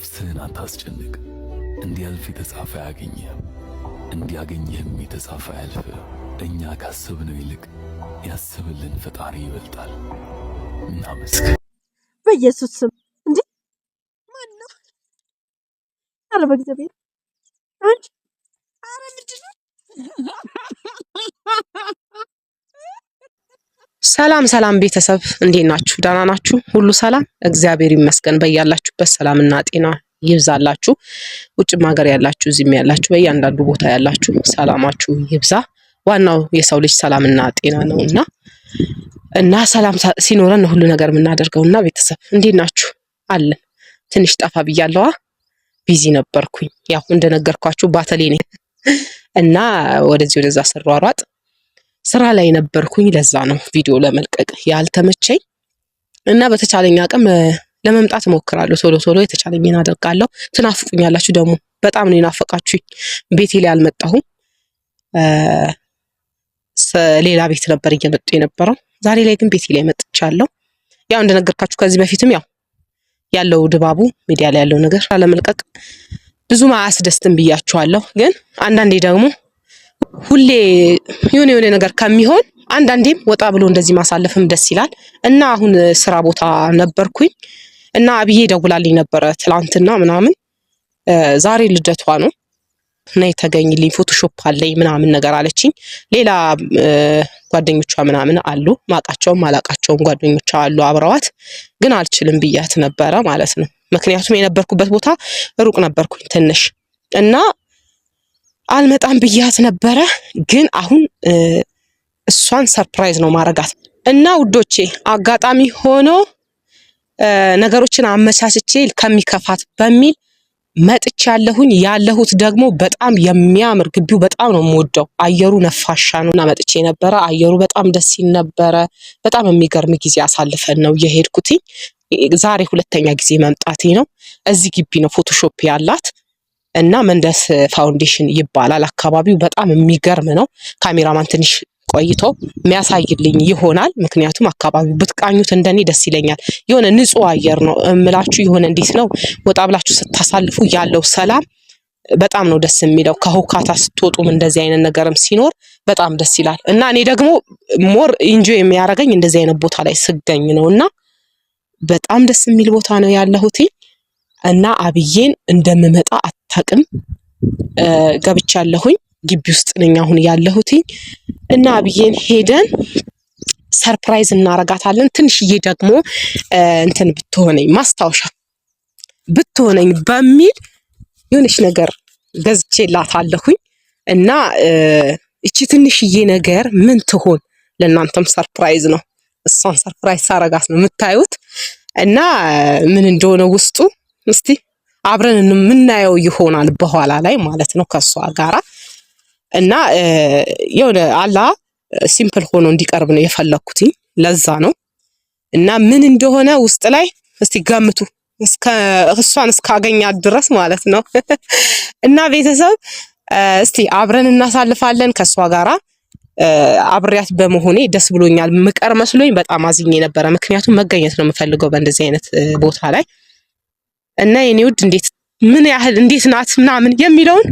ነፍስህን አታስጨንቅ። እንዲያልፍ የተጻፈ አያገኝህም፣ እንዲያገኝህም የተጻፈ አያልፍህም። እኛ ካሰብነው ይልቅ ያስብልን ፈጣሪ ይበልጣል። እናመስግን በኢየሱስ ስም። እንዴ ማን ነው? ኧረ በእግዚአብሔር አንቺ! ኧረ ምንድን ነው? ሰላም ሰላም ቤተሰብ እንዴት ናችሁ? ደህና ናችሁ? ሁሉ ሰላም? እግዚአብሔር ይመስገን። በያላችሁበት ሰላምና ጤና ይብዛላችሁ። ውጭም ሀገር ያላችሁ፣ እዚህም ያላችሁ፣ በእያንዳንዱ ቦታ ያላችሁ ሰላማችሁ ይብዛ። ዋናው የሰው ልጅ ሰላምና ጤና ነው እና እና ሰላም ሲኖረን ሁሉ ነገር የምናደርገው እና ቤተሰብ እንዴት ናችሁ? አለን። ትንሽ ጠፋ ብያለዋ፣ ቢዚ ነበርኩኝ። ያው እንደነገርኳችሁ ባተሌ ነኝ እና ወደዚህ ወደዛ ስሯሯጥ ስራ ላይ ነበርኩኝ። ለዛ ነው ቪዲዮ ለመልቀቅ ያልተመቸኝ እና በተቻለኝ አቅም ለመምጣት እሞክራለሁ። ቶሎ ቶሎ የተቻለኝን አደርጋለሁ። ትናፍቁኛላችሁ ደግሞ በጣም ነው የናፈቃችሁኝ። ቤቴ ላይ አልመጣሁም። ሌላ ቤት ነበር እየመጡ የነበረው። ዛሬ ላይ ግን ቤቴ ላይ መጥቻለሁ። ያው እንደነገርካችሁ ከዚህ በፊትም ያው ያለው ድባቡ ሚዲያ ላይ ያለው ነገር አለመልቀቅ ብዙም አያስደስትም ብያችኋለሁ። ግን አንዳንዴ ደግሞ ሁሌ የሆነ የሆነ ነገር ከሚሆን አንዳንዴም ወጣ ብሎ እንደዚህ ማሳለፍም ደስ ይላል እና አሁን ስራ ቦታ ነበርኩኝ እና አብዬ ደውላልኝ ነበረ ትላንትና ምናምን። ዛሬ ልደቷ ነው እና የተገኝልኝ ፎቶሾፕ አለኝ ምናምን ነገር አለችኝ። ሌላ ጓደኞቿ ምናምን አሉ ማቃቸውም አላቃቸውም ጓደኞቿ አሉ አብረዋት፣ ግን አልችልም ብያት ነበረ ማለት ነው። ምክንያቱም የነበርኩበት ቦታ ሩቅ ነበርኩኝ ትንሽ እና አልመጣም ብያት ነበረ፣ ግን አሁን እሷን ሰርፕራይዝ ነው ማረጋት እና ውዶቼ አጋጣሚ ሆኖ ነገሮችን አመቻችቼ ከሚከፋት በሚል መጥቻ ያለሁኝ ያለሁት ደግሞ በጣም የሚያምር ግቢው በጣም ነው የምወደው። አየሩ ነፋሻ ነው እና መጥቼ ነበረ። አየሩ በጣም ደስ ሲል ነበረ። በጣም የሚገርም ጊዜ አሳልፈን ነው የሄድኩትኝ። ዛሬ ሁለተኛ ጊዜ መምጣቴ ነው። እዚህ ግቢ ነው ፎቶሾፕ ያላት እና መንደስ ፋውንዴሽን ይባላል። አካባቢው በጣም የሚገርም ነው። ካሜራማን ትንሽ ቆይቶ የሚያሳይልኝ ይሆናል። ምክንያቱም አካባቢው ብትቃኙት እንደኔ ደስ ይለኛል። የሆነ ንጹህ አየር ነው እምላችሁ። የሆነ እንዴት ነው ወጣ ብላችሁ ስታሳልፉ ያለው ሰላም በጣም ነው ደስ የሚለው። ከሁካታ ስትወጡም እንደዚህ አይነት ነገርም ሲኖር በጣም ደስ ይላል እና እኔ ደግሞ ሞር ኢንጆይ የሚያደርገኝ እንደዚህ አይነት ቦታ ላይ ስገኝ ነው እና በጣም ደስ የሚል ቦታ ነው ያለሁትኝ። እና አብዬን እንደምመጣ አታቅም። ገብቻለሁኝ። ግቢ ውስጥ ነኝ አሁን ያለሁትኝ እና አብዬን ሄደን ሰርፕራይዝ እናረጋታለን። ትንሽዬ ደግሞ እንትን ብትሆነኝ ማስታወሻ ብትሆነኝ በሚል የሆነች ነገር ገዝቼላታለሁኝ እና እቺ ትንሽዬ ነገር ምን ትሆን ለእናንተም ሰርፕራይዝ ነው። እሷን ሰርፕራይዝ ሳረጋት ነው የምታዩት እና ምን እንደሆነ ውስጡ እስቲ አብረን የምናየው ይሆናል በኋላ ላይ ማለት ነው ከሷ ጋራ እና የሆነ አላ ሲምፕል ሆኖ እንዲቀርብ ነው የፈለግኩትኝ ለዛ ነው እና ምን እንደሆነ ውስጥ ላይ እስቲ ገምቱ እስከ እሷን እስካገኛት ድረስ ማለት ነው እና ቤተሰብ እስቲ አብረን እናሳልፋለን ከእሷ ጋራ አብሬያት በመሆኔ ደስ ብሎኛል። ምቀር መስሎኝ በጣም አዝኜ ነበረ። ምክንያቱም መገኘት ነው የምፈልገው በእንደዚህ አይነት ቦታ ላይ እና የኔ ውድ እንዴት ምን ያህል እንዴት ናት ምናምን የሚለውን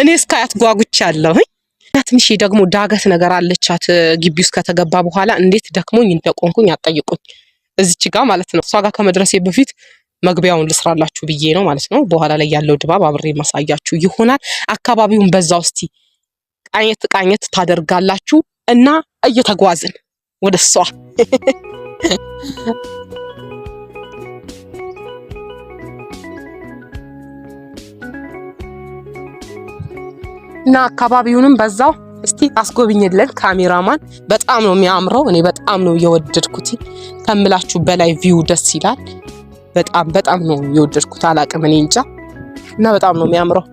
እኔ እስካያት ጓጉቻለሁኝ። እና ትንሽ ደግሞ ዳገት ነገር አለቻት ግቢ ውስጥ ከተገባ በኋላ እንዴት ደክሞኝ እንደቆንኩኝ አጠይቁኝ። እዚች ጋ ማለት ነው እሷ ጋር ከመድረሴ በፊት መግቢያውን ልስራላችሁ ብዬ ነው ማለት ነው። በኋላ ላይ ያለው ድባብ አብሬ ማሳያችሁ ይሆናል። አካባቢውን በዛ ውስቲ ቃኘት ቃኘት ታደርጋላችሁ እና እየተጓዝን ወደ እሷ እና አካባቢውንም በዛው እስቲ አስጎብኝልን ካሜራማን። በጣም ነው የሚያምረው። እኔ በጣም ነው የወደድኩት ከምላችሁ በላይ ቪው ደስ ይላል። በጣም በጣም ነው የወደድኩት። አላቅም እኔ እንጃ። እና በጣም ነው የሚያምረው።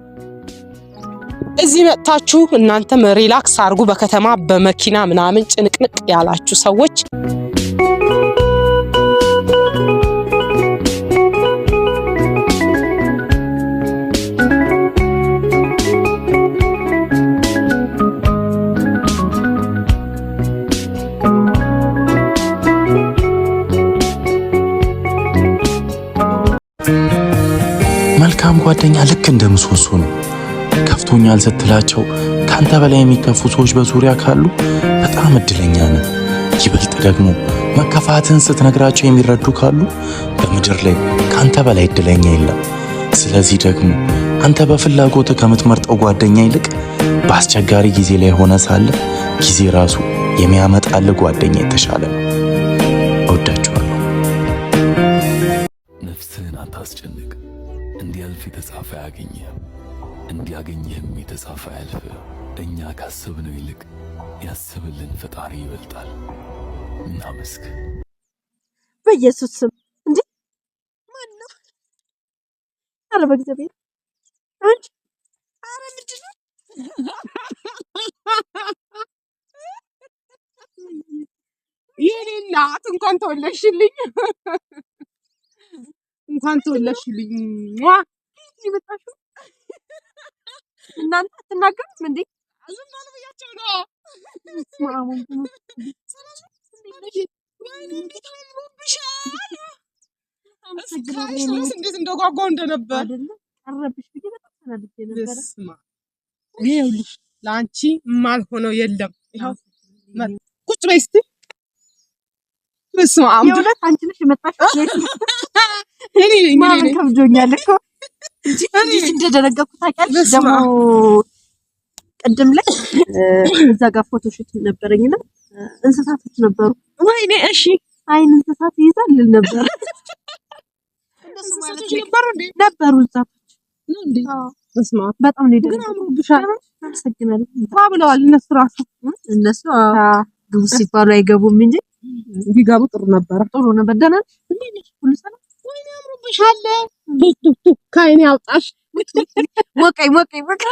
እዚህ መጥታችሁ እናንተም ሪላክስ አድርጉ። በከተማ በመኪና ምናምን ጭንቅንቅ ያላችሁ ሰዎች መልካም ጓደኛ ልክ እንደ ምሰሶ ነው። ከፍቶኛል ስትላቸው ካንተ በላይ የሚከፉ ሰዎች በዙሪያ ካሉ በጣም እድለኛ ነህ። ይበልጥ ደግሞ መከፋትን ስትነግራቸው የሚረዱ ካሉ በምድር ላይ ካንተ በላይ እድለኛ የለም። ስለዚህ ደግሞ አንተ በፍላጎት ከምትመርጠው ጓደኛ ይልቅ በአስቸጋሪ ጊዜ ላይ ሆነ ሳለ ጊዜ ራሱ የሚያመጣልህ ጓደኛ የተሻለ ነው። በሰልፍ የተጻፈ ያገኘ እንዲያገኝህም የተጻፈ ያልፍ። እኛ ካሰብነው ይልቅ ያስብልን ፈጣሪ ይበልጣል። እናመስክ በኢየሱስ ስም። እንዴ ማን ነው? አረ በእግዚአብሔር አንቺ! አረ ምንድን ነው? የኔ እናት እንኳን ተወለሽልኝ፣ እንኳን ተወለሽልኝ። እዚህ መጣችሁ እናንተ አትናገሩት እንዴ? ዝም ባሉ ብያቸው ነው። እንዴት እንደጓጓው እንደነበር ይኸውልሽ፣ ለአንቺ የማልሆነው የለም። ቁጭ በይ እስኪ። በስመ አብ የእውነት አንቺ ነሽ የመጣሽው። ማመን ከብዶኛል እኮ እንዴት እንደደነገኩ ታውቂያለሽ? ደግሞ ቅድም ላይ እዛ ጋር ፎቶ ሹት ነበረኝና እንስሳቶች ነበሩ። ወይኔ እሺ፣ አይን እንስሳት ይይዛል ነበር ነበሩ እንስሳቶች በጣም ነው ደግ ብለዋል። እነሱ ራሱ እነሱ ግቡ ሲባሉ አይገቡም እንጂ ቢገቡ ጥሩ ነበረ፣ ጥሩ ነበር። ደህና ሁሉ ሰላም ወይኔ አምሮብሻል፣ ቱክቱክ ከዓይኔ አውጣሽ፣ ወቀኝ ወቀኝ ወቀኝ።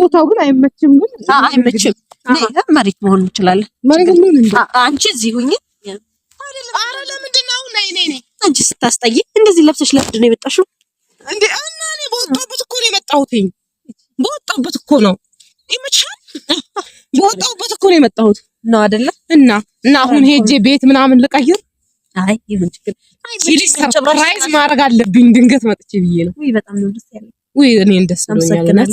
ቦታው ግን አይመችም፣ ግን አይመችም። መሬት መሆን እንችላለን። አንቺ እዚህ ሁኚ። አረ ለምንድን ነው ነይ ነይ ነይ። አንቺ ስታስጠይ እንደዚህ ለብሰሽ ለምንድን ነው የመጣሽው? እንደ እና እኔ በወጣሁበት እኮ ነው በወጣሁበት እኮ ነው ይመችሃል። በወጣሁበት እኮ ነው የመጣሁት ነው አይደለ? እና እና አሁን ሄጄ ቤት ምናምን ልቀይር። አይ ይሁን ችግር ሰርፕራይዝ ማድረግ አለብኝ ድንገት መጥቼ ብዬ ነው። ውይ በጣም ነው ደስ ያለኝ። ውይ እኔን ደስ ብሎኛል።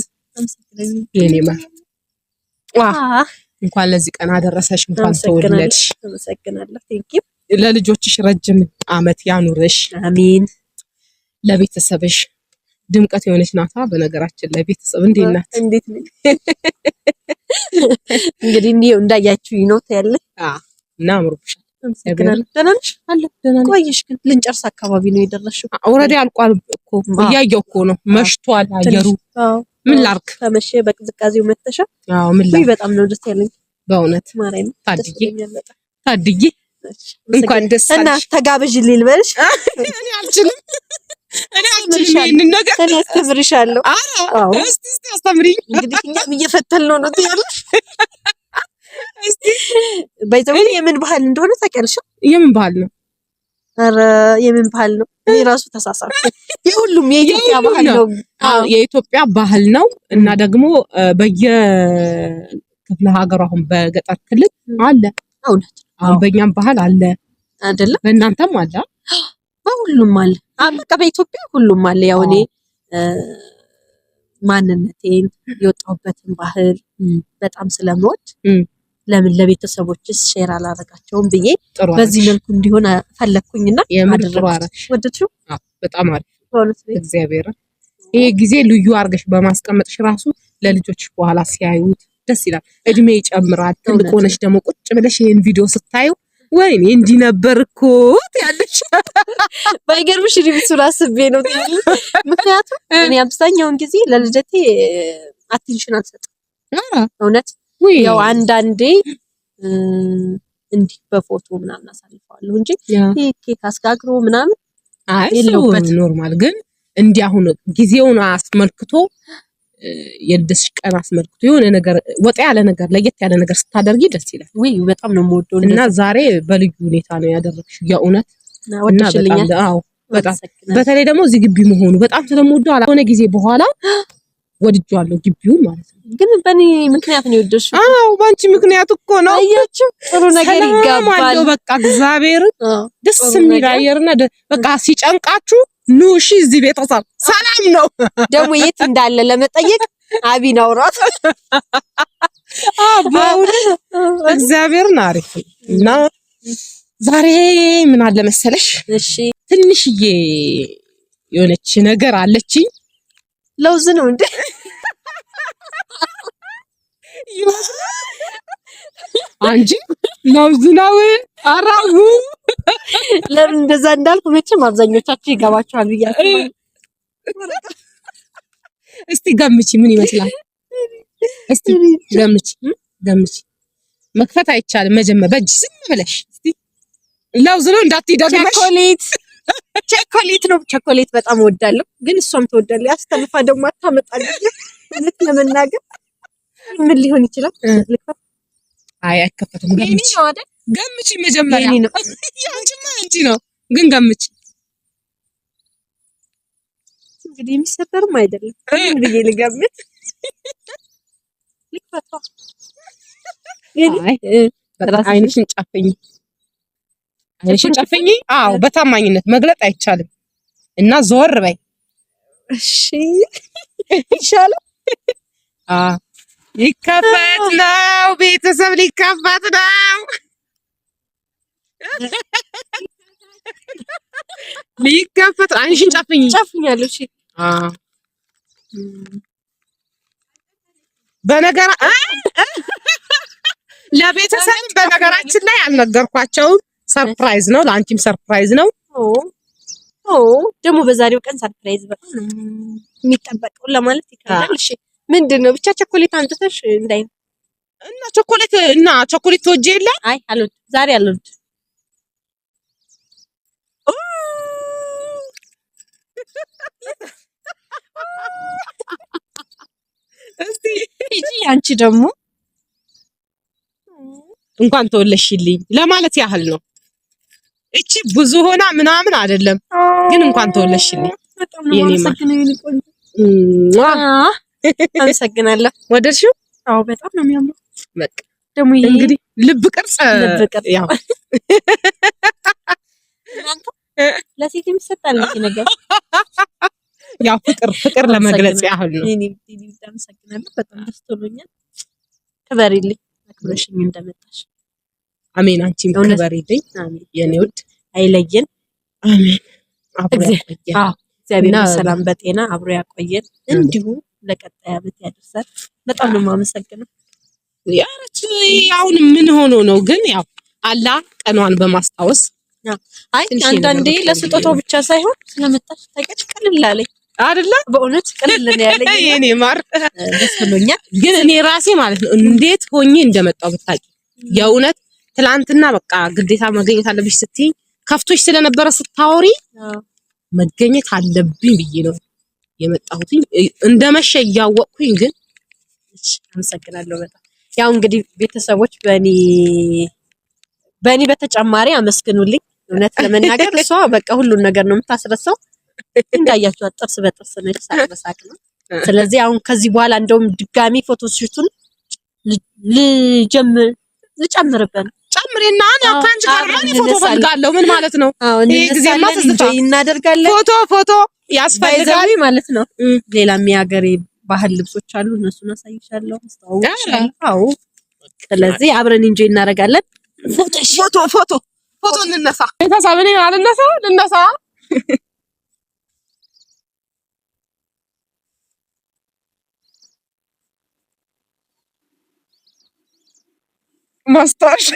የኔ ማር እንኳን ለዚህ ቀን አደረሰሽ፣ እንኳን ተወለድሽ። ለልጆችሽ ረጅም አመት ያኑርሽ። አሜን። ለቤተሰብሽ ድምቀት የሆነች ናታ። በነገራችን ላይ ቤተሰብ እንዴት ናት? እንዴት ነው እንግዲህ እንዲው እንዳያችሁ ይኖት ያለ እና አምሮብሻል። ደህና ነሽ? አለሁ ደህና ነኝ። ቆየሽ ግን ልንጨርስ አካባቢ ነው የደረስሽው። ኦልሬዲ አልቋል እኮ እያየሁ እኮ ነው። መሽቷል አየሩ። ምን ላርክ? ተመሸ። በቅዝቃዜው መተሻ። አዎ ምን ላድርግ። በጣም ነው ደስ ያለኝ በእውነት ማርያም። ታድዬ ታድዬ እንኳን ደስ አለሽ እና ተጋብዥ ልልበልሽ እኔ አልችልም እኔ አልችልም ይሄንን ነገር እኔ አስተምርሻለሁ። እስቲ እስቲ አስተምሪኝ። እንግዲህ እኛም ነው ትያለሽ። እስቲ የምን ባህል እንደሆነ ታውቂያለሽ? የምን ባህል ነው? ኧረ የምን ባህል ነው? እኔ ራሱ ተሳሳትኩ። የሁሉም የኢትዮጵያ ባህል ነው። አዎ የኢትዮጵያ ባህል ነው እና ደግሞ በየ ክፍለ ሀገሩ አሁን በገጠር ክልል አለ። እውነት አሁን በእኛም ባህል አለ አይደለም? በእናንተም አለ። በሁሉም አለ። በቃ በኢትዮጵያ ሁሉም አለ። ያው እኔ ማንነቴን የወጣሁበትን ባህል በጣም ስለምወድ ለምን ለቤተሰቦችስ ሼር አላረጋቸውም ብዬ በዚህ መልኩ እንዲሆን ፈለግኩኝና ወደድሽው? በጣም አሪፍ እግዚአብሔር ይሄ ጊዜ ልዩ አድርገሽ በማስቀመጥሽ ራሱ ለልጆች በኋላ ሲያዩት ደስ ይላል። እድሜ ይጨምራል። ትልቅ ሆነሽ ደግሞ ቁጭ ብለሽ ይህን ቪዲዮ ስታዩ ወይኔ እንዲህ ነበር እኮ ያለች ባይገርምሽ ሪቪቱን አስቤ ነው። ምክንያቱም እኔ አብዛኛውን ጊዜ ለልደቴ አቴንሽን አልሰጥም። እውነት ያው አንዳንዴ እንዲህ በፎቶ ምናምን አሳልፈዋለሁ እንጂ ይሄ ኬክ አስጋግሮ ምናምን አይ ኖርማል። ግን እንዲህ አሁን ጊዜውን አስመልክቶ የልደትሽ ቀን አስመልክቶ የሆነ ነገር ወጣ ያለ ነገር ለየት ያለ ነገር ስታደርጊ ደስ ይላል። ወይ በጣም ነው የምወደው እና ዛሬ በልዩ ሁኔታ ነው ያደረግሽው። የእውነት እና በጣም በጣም በተለይ ደግሞ እዚህ ግቢ መሆኑ በጣም ስለምወደው አላሆነ ጊዜ በኋላ ወድጃለሁ፣ ግቢው ማለት ነው። ግን በእኔ ምክንያት ነው የወደድሽው? አዎ በአንቺ ምክንያት እኮ ነው። አያችሁ፣ ጥሩ ነገር ይጋባል። በቃ እግዚአብሔር ደስ የሚል አየርና በቃ ሲጨንቃችሁ ኑ እሺ። እዚህ ቤተሰብ ሰላም ነው። ደግሞ የት እንዳለ ለመጠየቅ አቢን አውራት አባውን እግዚአብሔርን አሪፍ እና ዛሬ ምን አለ መሰለሽ፣ እሺ ትንሽዬ የሆነች ነገር አለችኝ። ለውዝ ነው እንዴ? ይመስላል። አንቺ ለውዝ ነው አራቡ ለምን እንደዛ እንዳልኩ መቼም አብዛኞቻችሁ ይገባችኋል ብያለሁ። እስቲ ገምቺ፣ ምን ይመስላል? እስቲ ገምቺ፣ ገምቺ። መክፈት አይቻልም። መጀመር በእጅ ዝም ብለሽ ለውዝ ነው እንዳትይ ደግመሽ። ቸኮሌት ቸኮሌት ነው። ቸኮሌት በጣም እወዳለሁ፣ ግን እሷም ትወዳለች። ያስተልፋ ደግሞ አታመጣልኝ እውነት ለመናገር ምን ሊሆን ይችላል? አይ አይከፈትም። ገምች ገምች። መጀመሪያ ነው ያንቺማ አንቺ ነው፣ ግን ገምች እንግዲህ። የሚሰበርም አይደለም ብዬ ልገምት። አይንሽን ጨፍኝ፣ አይንሽን ጨፍኝ። አዎ በታማኝነት መግለጥ አይቻልም እና ዞር በይ እሺ፣ ይሻላል። አዎ ሊከፈት ነው። ቤተሰብ ሊከፈት ነው። ሊከፈት አንቺን ጨፍኝ ጨፍኛለሁ። እሺ በነገራ ለቤተሰብ በነገራችን ላይ አልነገርኳቸውም። ሰርፕራይዝ ነው፣ ለአንቺም ሰርፕራይዝ ነው። ኦ ደግሞ በዛሬው ቀን ሰርፕራይዝ በቃ የሚጠበቀው ለማለት ይከብዳል። እሺ ምንድን ነው ብቻ ቸኮሌት አንጥተሽ እንዳይ እና ቸኮሌት እና ቸኮሌት ተወጀ የለ አይ አሉት ዛሬ አሉት እስቲ አንቺ ደግሞ እንኳን ተወለሽልኝ ለማለት ያህል ነው። እቺ ብዙ ሆና ምናምን አይደለም ግን እንኳን ተወለሽልኝ የኔ አመሰግናለሁ። ወደድሽው? አዎ በጣም ነው የሚያምረው። በቃ ደግሞ እንግዲህ ልብ ቅርጽ ልብ ቅርጽ ያው ለሴት የሚሰጣል ነገር ያው ፍቅር ፍቅር ለመግለጽ ያህል ነው። እኔ አመሰግናለሁ። በጣም ደስ ብሎኛል። ክበሪልኝ አክብረሽኝ እንደመጣሽ። አሜን። አንቺም ክበሪልኝ የኔ ውድ። አይለየን። አሜን። አብሮ ያቆየን። እግዚአብሔር ሰላም በጤና አብሮ ያቆየን እንዲሁ ለቀጣይ አመት ያደርሳል። በጣም ነው የማመሰግነው። ያረች አሁን ምን ሆኖ ነው ግን ያው አላ ቀኗን በማስታወስ አይ አንዳንዴ ለስጦታው ብቻ ሳይሆን ስለመጣሽ ታውቂያለሽ፣ ቅልል አለኝ አይደለ? በእውነት ቅልል ነው ያለኝ የኔ ማር፣ ደስ ብሎኛል። ግን እኔ ራሴ ማለት ነው እንዴት ሆኜ እንደመጣው ብታውቂ። የእውነት ትላንትና በቃ ግዴታ መገኘት አለብሽ ስትይ ከፍቶሽ ስለነበረ ስታወሪ መገኘት አለብኝ ብዬ ነው የመጣሁትኝ እንደመሸ እያወቅኩኝ ግን አመሰግናለሁ በጣም ያው እንግዲህ ቤተሰቦች በእኔ በእኔ በተጨማሪ አመስግኑልኝ። እውነት ለመናገር እሷ በቃ ሁሉን ነገር ነው የምታስረሳው። እንዳያችኋት ጥርስ በጥርስ ነች፣ ሳቅ በሳቅ ነው። ስለዚህ አሁን ከዚህ በኋላ እንደውም ድጋሚ ፎቶሽቱን ልጀምር ልጨምርበን ነው። ጨምሬና ከአንቺ ጋር ፎቶ ፈልጋለሁ። ምን ማለት ነው? ይሄ ጊዜማ እናደርጋለን ፎቶ ፎቶ ያስፈልጋል ማለት ነው። ሌላ የሚያገሬ ባህል ልብሶች አሉ፣ እነሱን አሳይሻለሁ። አዎ፣ ስለዚህ አብረን እንጂ እናደርጋለን። ፎቶ ፎቶ ፎቶ እንነሳ። ቤተሰብ እኔ አልነሳ ልነሳ ማስታወሻ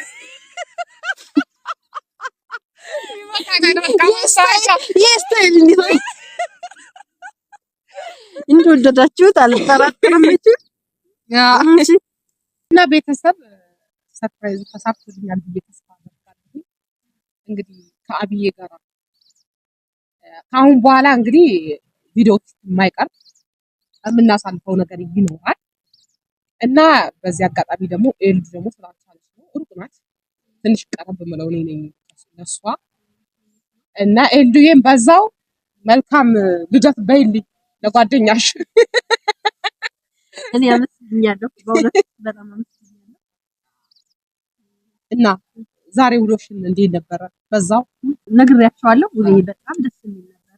ይመጣ እንደወደዳችሁት አልጠራጠርም። እና ቤተሰብ ሰርፕራይዝ ተሳክቶልኛል ብዬ ተስፋ አደርጋለሁ። እንግዲህ ከአብዬ ጋር ከአሁን በኋላ እንግዲህ ቪዲዮ የማይቀር የማይቀርብ የምናሳልፈው ነገር ይኖራል እና በዚህ አጋጣሚ ደግሞ ኤልዱ ደግሞ ስላልቻለች ነው ሩቅ ናት፣ ትንሽ ቀረብ ብለው እኔ ነኝ ለእሷ እና ኤልዱዬም በዛው መልካም ልደት በይልኝ ለጓደኛሽ እኔ አመስግኛለሁ። በእውነት በጣም አመስግኛለሁ። እና ዛሬ ውሎሽን እንዴት ነበረ? በዛው ነግሬያቸዋለሁ። ውሎዬ በጣም ደስ የሚል ነበረ።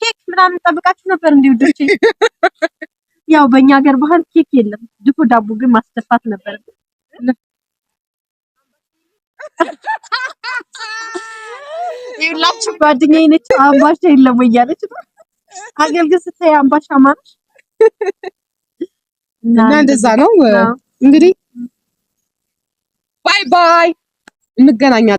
ኬክ ምናምን ጠብቃችሁ ነበር እንዴ ውዶቼ? ያው በእኛ ሀገር ባህል ኬክ የለም፣ ድፎ ዳቦ ግን ማስደፋት ነበር። ይኸውላችሁ ጓደኛዬ ነች። አምባሻ የለም እያለች አገልግል ስታይ አምባሻ ማነሽ እና እንደዛ ነው እንግዲህ። ባይ ባይ፣ እንገናኛለን።